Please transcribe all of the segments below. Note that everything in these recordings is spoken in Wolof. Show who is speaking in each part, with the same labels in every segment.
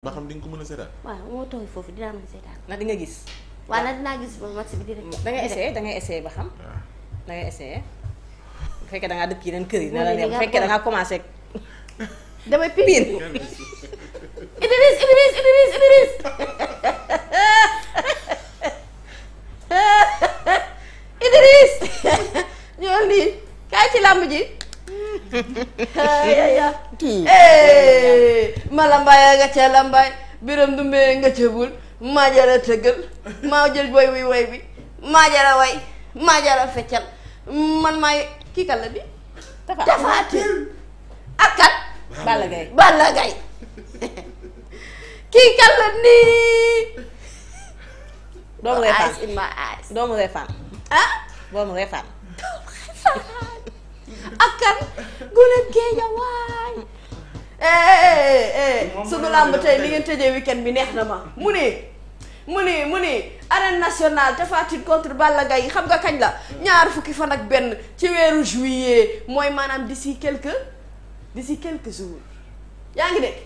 Speaker 1: ba xam di nga ko mën a seetaan. waaw a seetaan. na di nga gis. waaw na dinaa gis moom ba xam. Ah. da ngay bu fekkee da ngaa dëkk yeneen kër yi. na la neex bu fekkee da ngaa
Speaker 2: damay piir. Idriss Idriss Idriss Idriss. Idriss. ñoo nii kaay ci làmb ji. kii. ma lambaay nga ca lambaay biram dumbee nga ca bul maa jara tëggal maa jël boy wi way bi maa jara way maa jara feccal man maay kii kan la bi tafaatil ak kii kan la nii
Speaker 1: doomu refaan in my eyes doomu refaan ah doomu waay
Speaker 2: Eh, eh, eh, sunu làmb tey li ngeen tëjee weekend mi neex na ma mu ne mu ne mu ne arène nationale Tapha Tine contre Balla Gaye xam nga kañ la ñaar fukki fan ak benn ci weeru juillet mooy maanaam d'ici quelques d'ici quelques jours yaa ngi dégg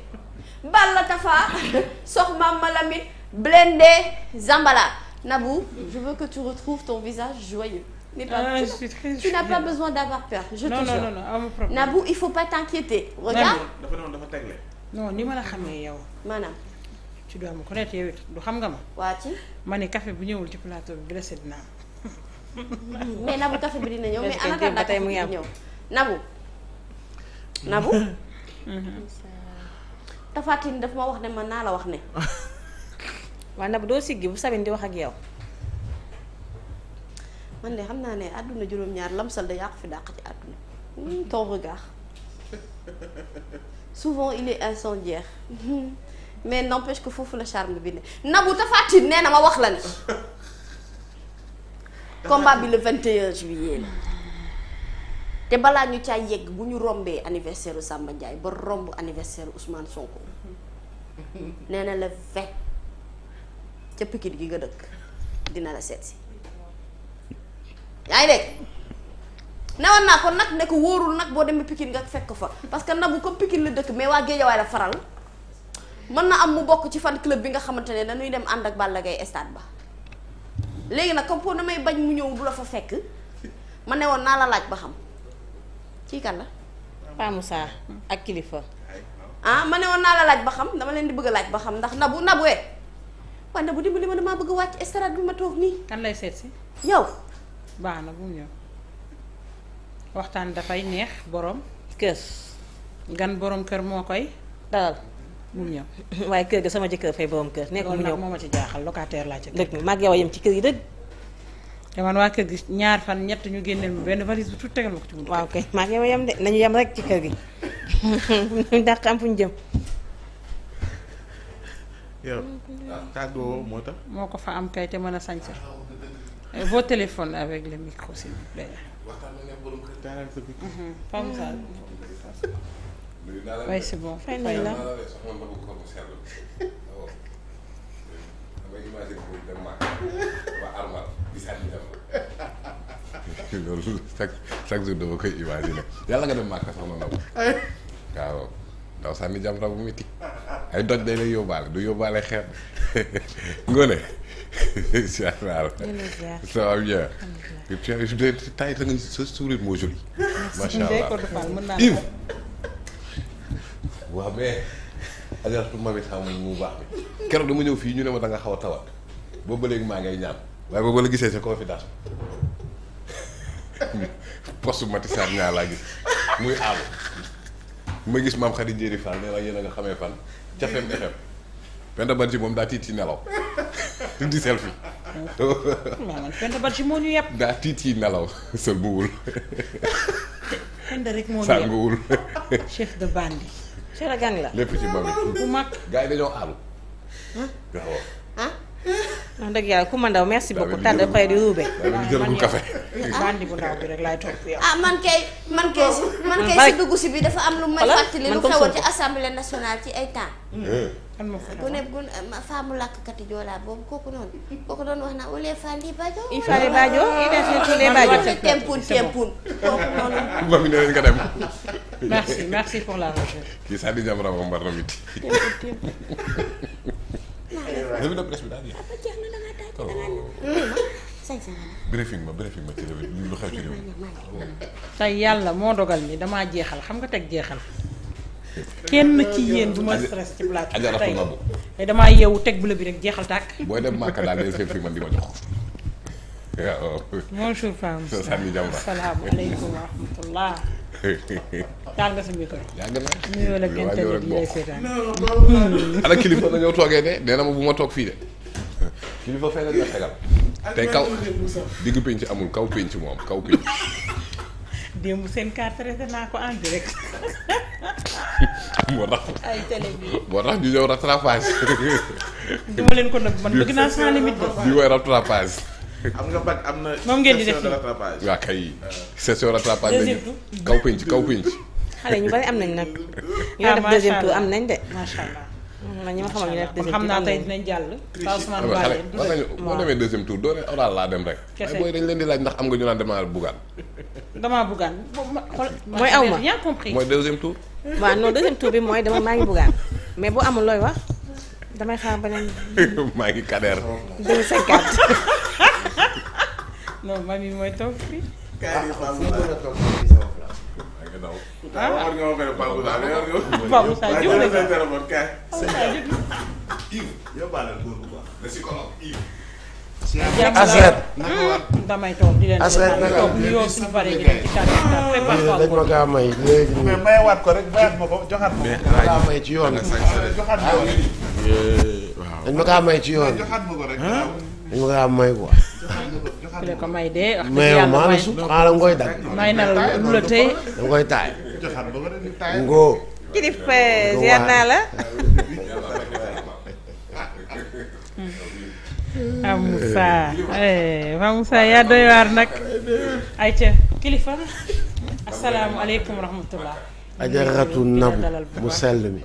Speaker 2: Balla Tapha Sox Mama Lamine Blindé Zambala Nabou je veux que tu retrouves ton visage joyeux mais pas ah, tu, tu n'as pas besoin d'avoir peur. je non, te
Speaker 3: jure
Speaker 2: il faut pas t'inquiéter. regarde
Speaker 3: dafa doon dafa tegle.
Speaker 2: non ni ma la xamee yow. maanaam.
Speaker 4: ci dois me connaître yow du xam nga ma. waa ci. ma ne kafe bu ñëwul ci plateau bi bi la sedd naa
Speaker 2: mais Nabou kafe bi dina ñëw mais ana kan la café bi ñëw Nabou. Nabou. Mhm. Tapha Tine ma wax ne man
Speaker 1: naa la wax ne. waaw Nabou doo siggi bu Sabine di wax ak yow.
Speaker 2: man ne xam naa ne àdduna juróom-ñaar lamsal da yàqu fi dàq ci àdduna hmm, ton regard souvent il est jeex mais n'empêche ko foofu la charme bi ne nabu tafatin nee na ma wax la ne
Speaker 3: combat bi le
Speaker 2: 21 juillet la te balaa ñu caa yegg bu ñu rombee anniversaire u Samba Ndiaye ba romb anniversaire Ousmane Sonko nee la vingt ca Pikine gi nga dëkk dina la seetsi yaa ngi dégg newoon naa ko nag ne wóorul nag boo demee Pikine nga fekk ko fa parce que Nabou comme Pikine la dëkk mais waa Géejawaay la faral mën na am mu bokk ci fan club bi nga xamante ne dañuy dem ànd ak Balla Gaye stade ba léegi nag comme pour damay bañ mu ñëw du la fa fekk ma newoon naa la laaj ba xam ci kan la. Pa Moussa ak kilifa. ah ma ne woon naa la ba xam dama leen di bëgg laaj ba xam ndax Nabou Nabou eh. waaye Nabou dimbali ma damaa bëgg a wàcc stade bi ma toog nii. kan lay seet si. yow. baax na bu ñëw waxtaan
Speaker 4: dafay neex borom kër gan borom kër moo koy dalal mu ñëw waaye kër ga sama jëkkër fay borom kër nekk mu ñëw moo ma ci jaaxal locataire laa ci dëgg mag yow yam yem ci kër gi dëgg te man waa kër gi ñaar fan ñett ñu génneel mu benn valise bu tuut tegal ma ko ci buntu waaw kay mag yow a de nañu yem rek ci kër gi
Speaker 1: dàq am fu ñu jëm
Speaker 3: ah,
Speaker 4: moo ko fa am kay te mën a sañse vos téléphones avec le micro s'il vous
Speaker 3: plaît. Femme Sall. oui c'est bon. fay na la loolu chaque chaque jour dama koy imaginer yàlla nga dem màkk sax na ndaw waaw ndaw sànni jam raw bu metti ay doj day lay yóbbaale du yóbbaale xeer ngone inchaallah ça va bien tay ta nga sa sourire moo joli macha allah Yves waaw mais ajaratu mami sama mu baax bi keroog dama ñëw fii ñu ne ma da nga xaw a tawat boobu ba maa ngay ñaan waaye boobu la gisee sa confidence poste matisaat ñaa laa gis muy aal ma gis maam xarit njëri Fall ne waaye yéen nga xamee fan cafeem pexeem Penda Badji moom daa tiit ci nelaw di selfie.
Speaker 4: non man moo ñu yeb.
Speaker 3: daa tiit ci nelaw sël bu sànguwul. chef de bande.
Speaker 4: chef de gang la
Speaker 1: lépp
Speaker 3: ci boobu. bu mag gars yi dañoo aalu. waaw.
Speaker 1: wax dëgg yàlla ku ma ndaw merci beaucoup tàdd pay di ruube.
Speaker 3: jëlagul café
Speaker 4: bandi bu ndaw bi rek laay topp
Speaker 2: yow. am lu na ole fandi bajo. i fandi bajo i
Speaker 3: def tuuti bajo. revue de presse bi briefing ma briefing ma ci revue lu xew ci réew
Speaker 4: tey yàlla moo dogal ni damaa jeexal xam nga teg jeexal.
Speaker 3: kenn ci yéen du stress ci plateau bi tey
Speaker 4: tey damaa yeewu teg bu la bi rek jeexal tàkk. booy dem màkk daal day fi
Speaker 3: man di ma jox. waaw. Oh. bonjour femme. salaamaaleykum wa
Speaker 4: rahmatullah.
Speaker 3: taal nga sa micro. yaa ngi ne nuyoo la gerte gi lay seetaan. kilifa na ñëw toogee ne nee na bu ma toog fii de. kilifa fay nañ la tegal. tey kaw diggu pénc amul kaw pénc moom kaw pénc.
Speaker 4: démb seen carte traité naa ko leen ko
Speaker 1: nag am nga bac am na. moom ngeen
Speaker 3: kaw pénc xale ñu bari am
Speaker 1: nañ nag. Ah, ñu def deuxième tour am nañ de macha allah. man ñi ma xamal ñu def deuxième tour xam naa tey dinañ jàll. Paa Ousmane ah, Baldé boo
Speaker 3: demee deuxième tour doo ne oral laa dem rek. kese booy dañ leen di laaj ndax am nga ñu naan damaa bugaan.
Speaker 4: damaa bugaan
Speaker 1: mooy aw ma mooy deuxième tour. waaw non deuxième tour bi mooy dama maa ngi bugaan mais boo amul looy wax damay xaar beneen.
Speaker 3: maa ngi kader. 2050.
Speaker 4: non mami mooy toog fii. nga daw. ma fay
Speaker 3: ko may léegi mais mayawaat ko rek mayaat ma ko joxaat ma ko. kaa may ci yoon. joxaat ma ko dañ ma kaa may ci yoon. dañ ma kaa may quoi.
Speaker 4: ku la ko may dee.
Speaker 3: wax dëgg yàlla ngooy dagg. may na la lu la tey. da taay. ngoo.
Speaker 4: kilif ziar eh, yaa doy waar nag. ayca kilifa. asalaamualeykum wa rahmatullah. ajaratu nabu
Speaker 3: mu sell mi.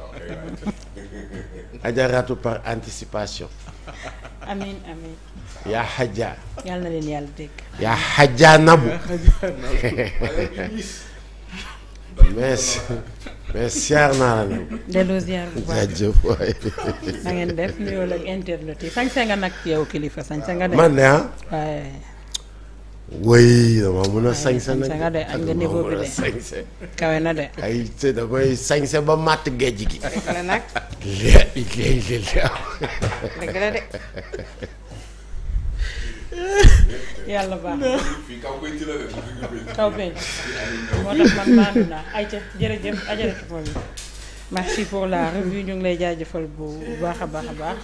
Speaker 3: ajaratu par anticipation.
Speaker 4: amiin amiin. yaa xajja. yal na leen yàlla
Speaker 3: dégg. yaa xajja nabu. merci merci siyaar naa la nag. delloo siyaar bu baax jaajëf waay.
Speaker 4: na internet yi sañ nga nag yow kilifa sañ nga def. man de ah.
Speaker 3: woy dama mën a sañse nag ak nga niveau bi de kawe na de ay së da sañse ba màtt géej gi la nag léegi yàlla baax fii moo tax man maanu naa ay ca jërëjëf ajaratu moom yi
Speaker 4: merci pour la revue ñu ngi lay jaajëfal bu baax a baax a baax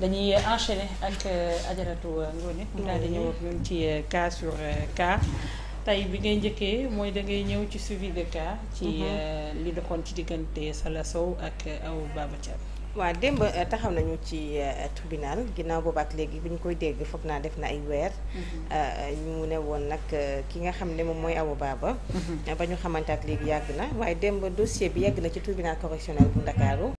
Speaker 4: dañuy enchaîner ak euh, ajaratu euh, Ngoné mu daal di ñëw ci euh, cas sur cas tey bi ngay njëkkee mooy dangay ñëw ci suivi de cas ci mhm. li doxoon ci diggante sala Sow ak aw Baba Thiam waaw démb taxaw
Speaker 1: nañu ci tribunal ginnaaw boobu ak léegi bi ñu koy dégg foog naa def na ay weer mhm. ñu ne woon nag ki nga xam ne moom mooy awu baaba mhm. ba ñu xamante ak léegi yàgg na waaye démb dossier bi yàgg na ci tribunal correctionnel bu Ndakaaru